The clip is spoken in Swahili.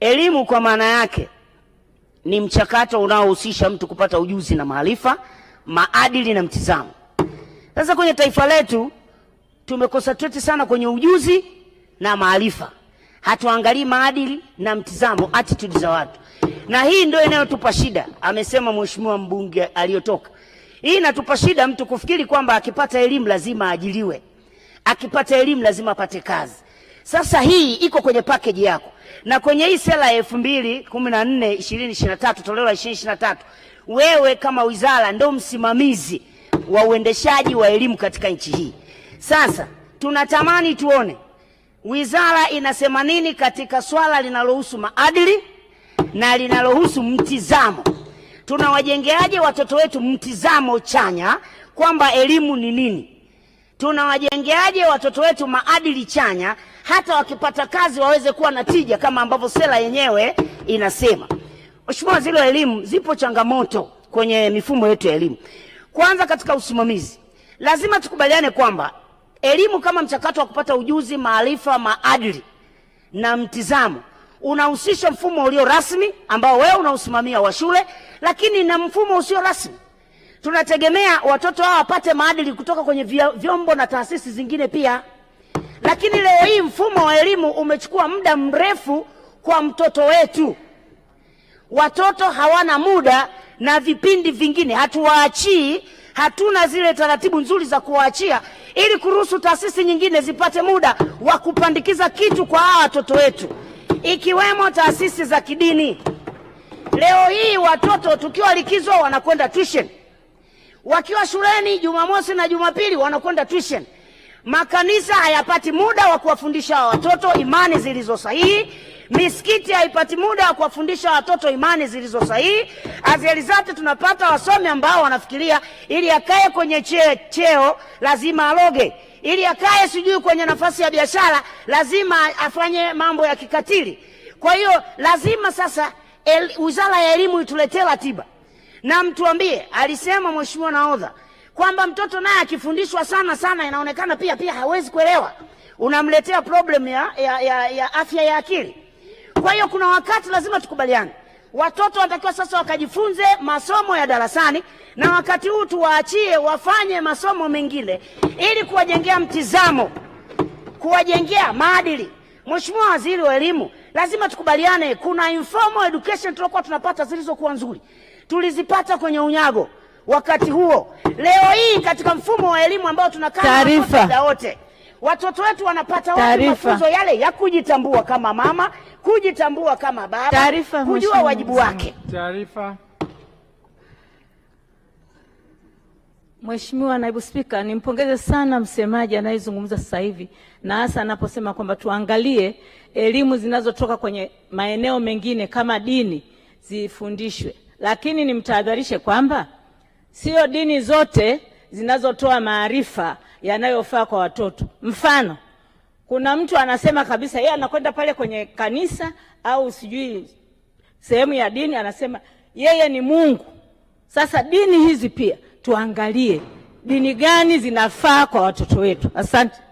Elimu kwa maana yake ni mchakato unaohusisha mtu kupata ujuzi na maarifa, maadili na mtizamo. Sasa kwenye taifa letu tumekosa tumekonsentrate sana kwenye ujuzi na maarifa, hatuangalii maadili na mtizamo, attitude za watu, na hii ndio inayotupa shida, amesema mheshimiwa mbunge aliyotoka. Hii inatupa shida, mtu kufikiri kwamba akipata elimu lazima ajiliwe, akipata elimu lazima apate kazi. Sasa hii iko kwenye package yako na kwenye hii sera ya elfu mbili kumi na nne ishirini ishirini na tatu toleo la ishirini ishirini na tatu wewe kama wizara ndo msimamizi wa uendeshaji wa elimu katika nchi hii. Sasa tunatamani tuone wizara inasema nini katika swala linalohusu maadili na linalohusu mtizamo. Tunawajengeaje watoto wetu mtizamo chanya kwamba elimu ni nini? tunawajengeaje watoto wetu maadili chanya, hata wakipata kazi waweze kuwa na tija kama ambavyo sera yenyewe inasema. Mheshimiwa Waziri wa Elimu, zipo changamoto kwenye mifumo yetu ya elimu. Kwanza, katika usimamizi, lazima tukubaliane kwamba elimu kama mchakato wa kupata ujuzi, maarifa, maadili na mtizamo unahusisha mfumo ulio rasmi ambao wewe unausimamia wa shule, lakini na mfumo usio rasmi tunategemea watoto hao wapate maadili kutoka kwenye vyombo na taasisi zingine pia. Lakini leo hii mfumo wa elimu umechukua muda mrefu kwa mtoto wetu. Watoto hawana muda na vipindi vingine, hatuwaachii, hatuna zile taratibu nzuri za kuwaachia ili kuruhusu taasisi nyingine zipate muda wa kupandikiza kitu kwa hawa watoto wetu, ikiwemo taasisi za kidini. Leo hii watoto tukiwa likizo wanakwenda tuition wakiwa shuleni Jumamosi na Jumapili wanakwenda tuition. Makanisa hayapati muda wa kuwafundisha watoto imani zilizo sahihi. Misikiti haipati muda wa kuwafundisha watoto imani zilizo sahihi. Azieli tunapata wasomi ambao wanafikiria ili akae kwenye cheo, cheo lazima aloge, ili akae sijui kwenye nafasi ya biashara lazima afanye mambo ya kikatili. Kwa hiyo lazima sasa el, wizara ya elimu ituletee ratiba na mtuambie, alisema mheshimiwa nahodha kwamba mtoto naye akifundishwa sana sana inaonekana pia pia hawezi kuelewa, unamletea problem ya, ya, ya, ya afya ya akili. Kwa hiyo kuna wakati lazima tukubaliane, watoto wanatakiwa sasa wakajifunze masomo ya darasani, na wakati huu tuwaachie wafanye masomo mengine ili kuwajengea mtizamo, kuwajengea maadili. Mheshimiwa Waziri wa Elimu, lazima tukubaliane, kuna informal education tunapata zilizokuwa nzuri tulizipata kwenye unyago wakati huo. Leo hii katika mfumo wa elimu ambao tunakaa wote watoto wetu wanapata wapi mafunzo yale ya kujitambua kama mama, kujitambua kama baba, taarifa, kujua wajibu wake. Taarifa. Mheshimiwa Naibu Spika, nimpongeze sana msemaji anayezungumza sasa hivi na hasa anaposema kwamba tuangalie elimu zinazotoka kwenye maeneo mengine kama dini zifundishwe. Lakini nimtahadharishe kwamba sio dini zote zinazotoa maarifa yanayofaa kwa watoto. Mfano, kuna mtu anasema kabisa yeye anakwenda pale kwenye kanisa au sijui sehemu ya dini, anasema yeye ni Mungu. Sasa dini hizi pia tuangalie dini gani zinafaa kwa watoto wetu. Asante.